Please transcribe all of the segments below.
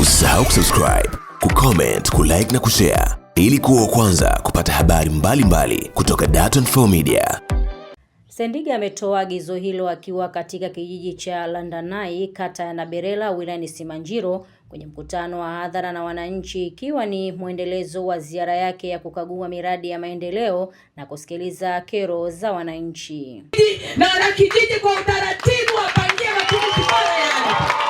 Usisahau kusubscribe, kucomment, kulike na kushare ili kuwa kwanza kupata habari mbalimbali mbali kutoka Dar24 Media. Sendiga ametoa agizo hilo akiwa katika kijiji cha Landanai kata ya Naberela wilayani Simanjiro kwenye mkutano wa hadhara na wananchi ikiwa ni mwendelezo wa ziara yake ya kukagua miradi ya maendeleo na kusikiliza kero za wananchi na wanakijiji kwa utaratibu wapangie matumizi bora.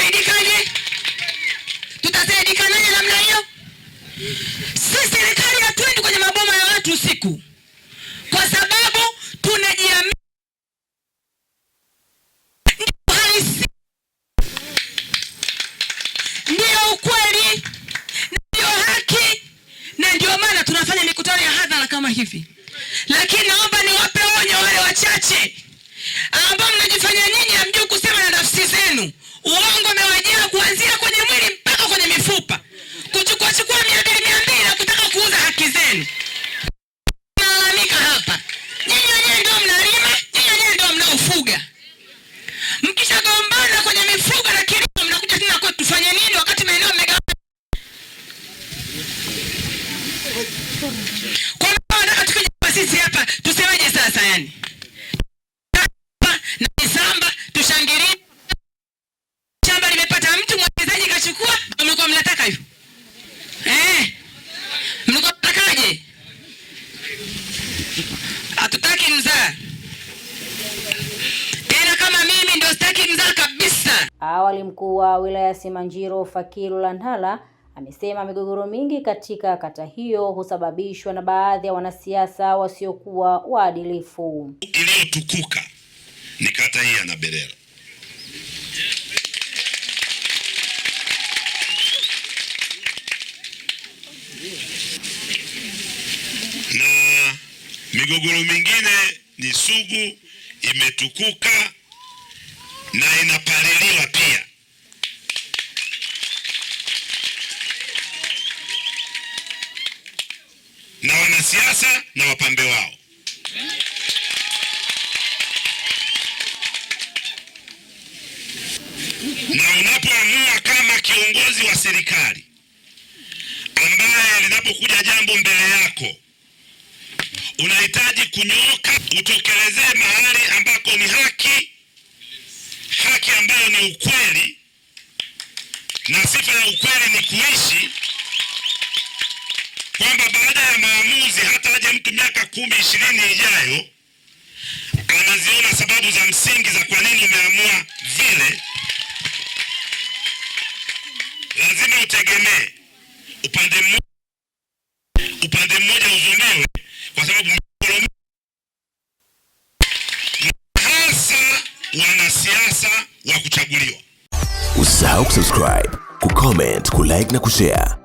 tutasaidikaje? Tutasaidikanaje namna hiyo? si serikali hatuendi kwenye maboma ya watu usiku, kwa sababu tunajiamini. ndio ukweli, ndiyo haki, na ndio maana tunafanya mikutano ya hadhara kama hivi. Lakini naomba niwape onyo wale wachache ambao mnajifanya nyinyi hamjui kusema na nafsi zenu uongo kuanzia kwenye mwili mpaka kwenye mifupa, kuchukua chukua mia mbili mia mbili na kutaka kuuza haki zenu. Nalalamika hapa, nyinyi wenyewe ndio mnalima, nyinyi wenyewe ndio mnaofuga. Mkishagombana kwenye mifugo na kilimo, mnakuja tena kwa tufanye nini wakati maeneo mmegawa kwa, nataka tukija sisi hapa tusemeje sasa yani? Awali mkuu wa wilaya Simanjiro Fakiru Landala amesema migogoro mingi katika kata hiyo husababishwa na baadhi ya wanasiasa wasiokuwa waadilifu. Iliyotukuka ni kata hii ya Naberera. Na migogoro mingine ni sugu, imetukuka na ina wanasiasa na wapambe wao. Na unapoamua kama kiongozi wa serikali ambaye linapokuja jambo mbele yako unahitaji kunyooka, utokelezee mahali ambako ni haki, haki ambayo ni ukweli, na sifa ya ukweli ni kuishi ya maamuzi, hata aje mtu miaka kumi ishirini ijayo anaziona sababu za msingi za kwa nini umeamua vile, lazima utegemee upande mmoja upande mmoja uzumewe kwa sababu hasa wanasiasa wa kuchaguliwa. Usisahau kusubscribe, kucomment, kulike na kushare